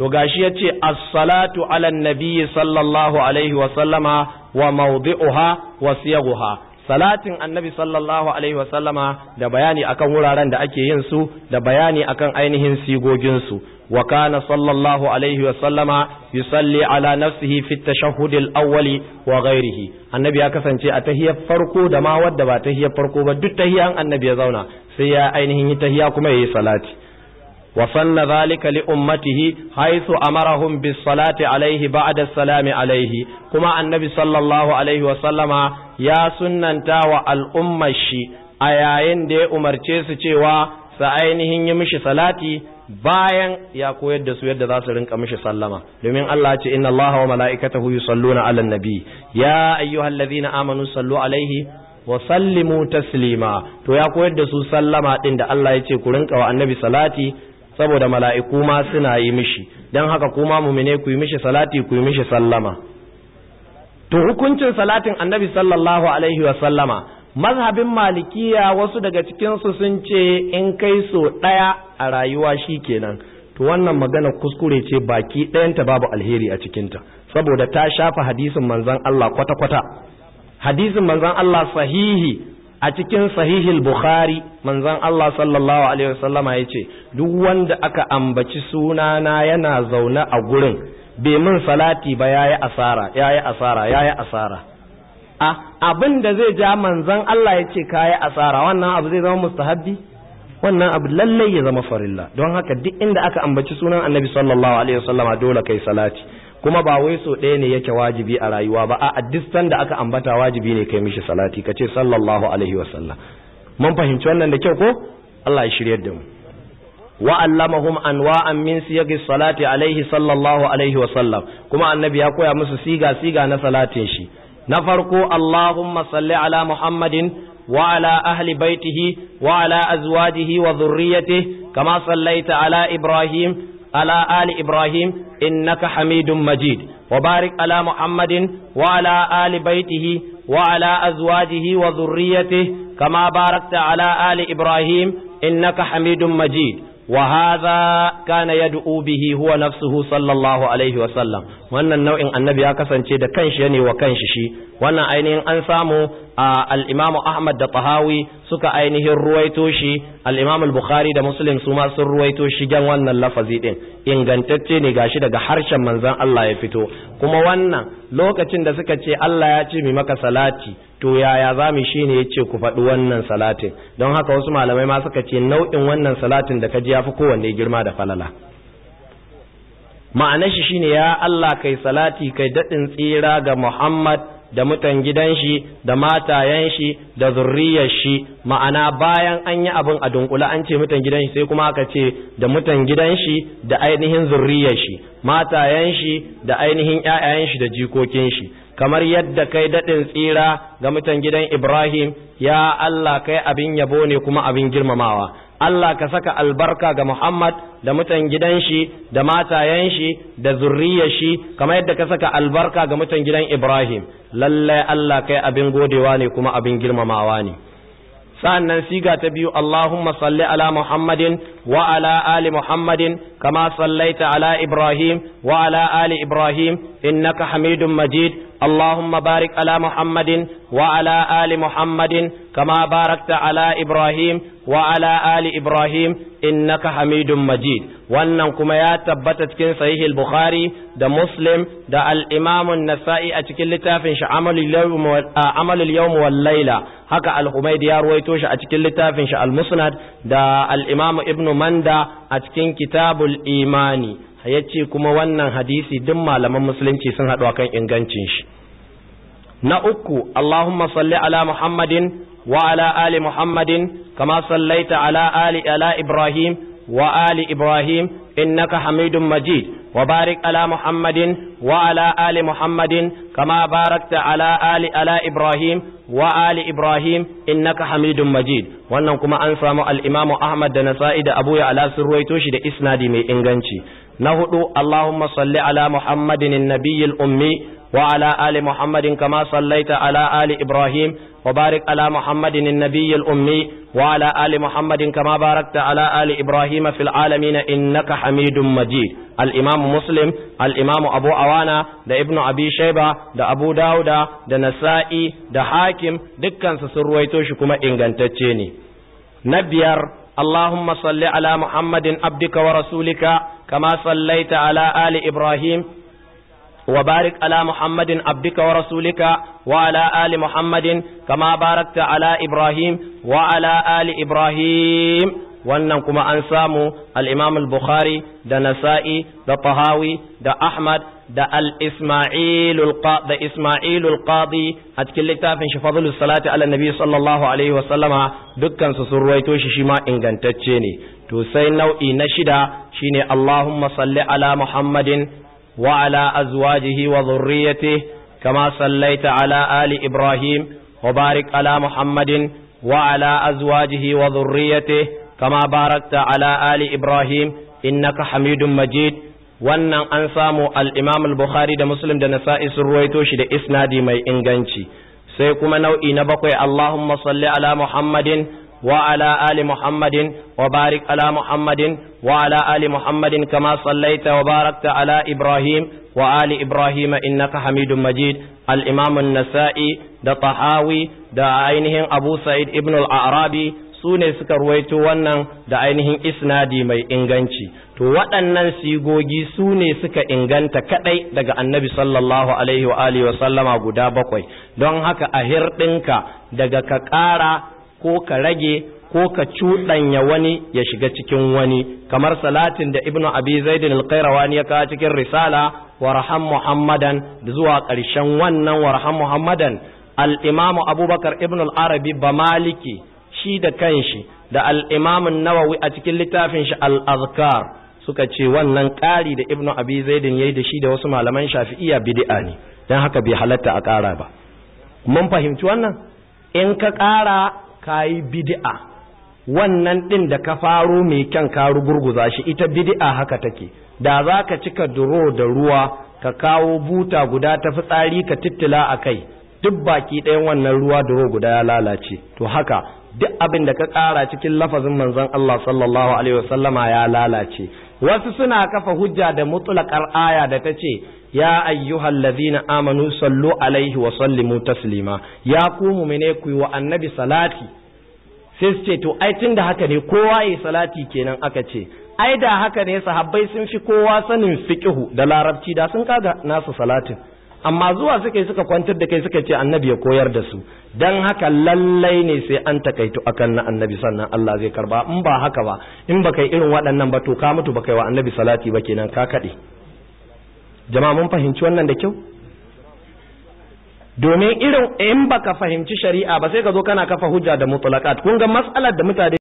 to gashi ya ce as-salatu ala nabiyyi sallallahu alaihi wa sallama wa mawdi'uha wa siyaguha salatin annabi sallallahu alaihi wa sallama da bayani akan wuraren da ake yin su da bayani akan ainihin sigogin su wa kana sallallahu alaihi wa sallama yusalli ala nafsihi fi at-tashahhud al-awwal wa ghairihi annabi ya kasance a tahiyar farko da ma wadda ba tahiyar farko ba duk tahiyan annabi ya zauna sai ya ainihin yi tahiya kuma yayi salati وصن ذلك لأمته حيث أمرهم بالصلاة عليه بعد السلام عليه كما النبي صلى الله عليه وسلم يا yayin تاوى الأمة الشي su دي أمر ainihin سأينهن يمشي صلاتي bayan ya koyar da su yadda za su rinka mishi sallama domin Allah ce inna Allaha wa mala'ikatahu yusalluna 'alan nabi ya ayyuhallazina amanu sallu alaihi wa sallimu taslima to ya koyar da su sallama ɗin da Allah ya ce ku rinka wa annabi salati saboda mala'iku ma suna yi mishi don haka kuma mumine ku yi mishi salati ku yi mishi sallama to hukuncin salatin annabi sallallahu alaihi wa mazhabin malikiya wasu daga cikinsu sun ce in kai so ɗaya a rayuwa shi kenan to wannan magana kuskure ce baki ɗayanta babu alheri a cikinta saboda ta shafa hadisin manzan Allah kwata-kwata hadisin manzan Allah sahihi a cikin sahihil bukhari manzon Allah sallallahu alaihi wasallama yace duk wanda aka ambaci sunana yana zaune a gurin bai mun salati ba yayi asara yayi asara yayi asara a abin da zai ja manzon Allah yace kayi asara wannan abu zai zama mustahabbi wannan abu lallai ya zama farilla don haka duk inda aka ambaci sunan annabi sallallahu alaihi wasallama dole kai salati kuma ba wai so ɗaya ne yake wajibi a rayuwa ba a addistan da aka ambata wajibi ne kai mishi salati kace sallallahu alaihi wa sallam mun fahimci wannan da kyau ko Allah ya shiryar da mu wa allamahum anwa'an min siyagi salati alaihi sallallahu alaihi wa sallam kuma annabi ya koya musu siga siga na salatin shi na farko Allahumma salli ala Muhammadin wa ala ahli baitihi wa ala azwajihi wa dhurriyyatihi kama sallaita ala Ibrahim على آل إبراهيم إنك حميد مجيد وبارك على محمد وعلى آل بيته وعلى أزواجه وذريته كما باركت على آل إبراهيم إنك حميد مجيد وهذا كان يدعو به هو نفسه صلى الله عليه وسلم wannan nau'in annabi ya kasance da kanshi ne wa kanshi shi wannan ainihin an samu a al Ahmad da Tahawi suka ainihin ruwaito shi al-Imam bukhari da Muslim su ma sun ruwaito shi gan wannan lafazi din ingantacce ne gashi daga harshen manzon Allah ya fito kuma wannan lokacin da suka ce Allah ya ce mi maka salati to yaya za mu shi ne ya ce ku faɗi wannan salatin don haka wasu malamai ma suka ce nau'in wannan salatin da ka ji ya fi kowanne girma da falala ma'anar shi shine ya Allah kai salati kai daɗin tsira ga Muhammad da mutan gidan shi da matayen shi da zurriyar shi ma'ana bayan an yi abin a dunkula an ce mutan gidan sai kuma aka ce da mutan gidan shi da ainihin zurriyar shi matayen shi da ainihin ƴaƴayen shi da jikokin shi kamar yadda kai daɗin tsira ga mutan gidan Ibrahim ya Allah kai abin yabo ne kuma abin girmamawa Allah ka saka albarka ga Muhammad da mutan gidan shi da matayen shi da zurriyar shi kamar yadda ka saka albarka ga mutan gidan Ibrahim lallai Allah kai abin godewa ne kuma abin girmamawa ne sa'annan siga ta biyu Allahumma salli ala Muhammadin وعلى آل محمد كما صليت على إبراهيم وعلى آل إبراهيم إنك حميد مجيد اللهم بارك على محمد وعلى آل محمد كما باركت على إبراهيم وعلى آل إبراهيم إنك حميد مجيد wannan kuma ya tabbata cikin sahihil bukhari da muslim da al nasa'i a cikin littafin shi amalul yawm wal layla haka al-humayd ya ruwaito shi a cikin littafin shi al-musnad da al-imam ibn manda a cikin kitabul imani ya ce kuma wannan hadisi duk malaman musulunci sun haɗu akan ingancin shi na uku allahumma salli ala muhammadin wa ala ali muhammadin kama sallaita ala ali ala ibrahim wa ali ibrahim innaka hamidun majid وبارك على محمد وعلى آل محمد كما باركت على آل على إبراهيم وآل إبراهيم إنك حميد مجيد wannan kuma an samu al-Imam Ahmad da Nasa'i da Abuya Ya'la sun ruwaito shi da isnadi mai inganci na hudu Allahumma salli ala Muhammadin annabiyil ummi wa ala ali Muhammadin kama sallaita ala ali Ibrahim wa barik ala Muhammadin annabiyil ummi wa ala ali Muhammadin kama barakta ala ali Ibrahim fil alamin innaka Hamidum Majid al-Imam Muslim al-Imam Abu Awana da Ibn Abi Shayba da Abu Dauda da Nasa'i da Hakim dukkan su sun ruwaito kuma ingantacce na biyar اللهم صل على محمد عبدك ورسولك كما صليت على آل إبراهيم وبارك على محمد عبدك ورسولك وعلى آل محمد كما باركت على إبراهيم وعلى آل إبراهيم wannan kuma an samu al al-Bukhari da Nasa'i da Tahawi da Ahmad da al da al-Qadi a cikin littafin shi Fadlus Salati ala Nabi sallallahu alaihi wa dukkan su sun ruwaito shi shi ma ingantacce ne to sai nau'i na shida shine Allahumma salli ala Muhammadin wa ala azwajihi wa dhurriyyatihi kama sallaita ala ali Ibrahim wa barik ala Muhammadin وعلى wa وذريته kama barakta ala ali ibrahim innaka hamidu majid wannan an samu al-imam al-bukhari da muslim da nasa'i sun ruwaito shi da isnadi mai inganci sai kuma nau'i na bakwai allahumma salli ala muhammadin wa ala ali muhammadin wa barik ala muhammadin wa ala ali muhammadin kama sallaita wa barakta ala ibrahim wa ali ibrahim innaka hamidun majid al-imam nasai da tahawi da ainihin abu sa'id ibn al-arabi su ne suka ruwaito wannan da ainihin isnadi mai inganci to waɗannan sigogi su ne suka inganta kaɗai daga annabi sallallahu alaihi wa alihi wa sallama guda bakwai don haka a hirɗinka daga ka ƙara ko ka rage ko ka cuɗanya wani ya shiga cikin wani kamar salatin da ibnu abi zaidin alqairawani ya kawo cikin risala warham muhammadan zuwa ƙarshen wannan warham muhammadan al abubakar Ibn al-arabi ba maliki shi da kanshi da al'imamin nawawi a cikin littafin shi al'azkar suka ce wannan ƙari da ibnu abi zaidin ya yi da shi da wasu malaman shafi'iya bidi'a ne don haka bai halatta a ƙara ba mun fahimci wannan in ka ƙara ka yi bidi'a wannan ɗin da ka faro mai kyan ka rugurguza shi ita bidi'a haka take da za ka cika duro da ruwa ka kawo buta guda ta fitsari ka tittila a kai duk baki ɗayan wannan ruwa duro guda ya lalace to haka duk abin da ka ƙara cikin lafazin manzon Allah sallallahu alaihi wasallama ya lalace wasu suna kafa hujja da mutlaqar aya da ta ce ya ayyuhal ladhina amanu sallu alaihi wa sallimu taslima ya ku mu'mine ku wa annabi salati sai su ce to ai tunda haka ne kowa yi salati kenan aka ce ai da haka ne sahabbai sun fi kowa sanin fiqhu da larabci da sun kaga nasu salatin amma zuwa suka yi suka kwantar da kai suka ce annabi ya koyar da su Don haka lallai ne sai an takaitu akan na annabi sannan Allah zai karba in ba haka ba in ba kai irin waɗannan ba to ka mutu ba kai wa annabi salati ba kenan ka kaɗe jama'a mun fahimci wannan da kyau domin irin in baka fahimci shari'a ba sai ka zo kana kafa hujja da mutlaqat kun ga mas'alar da mutane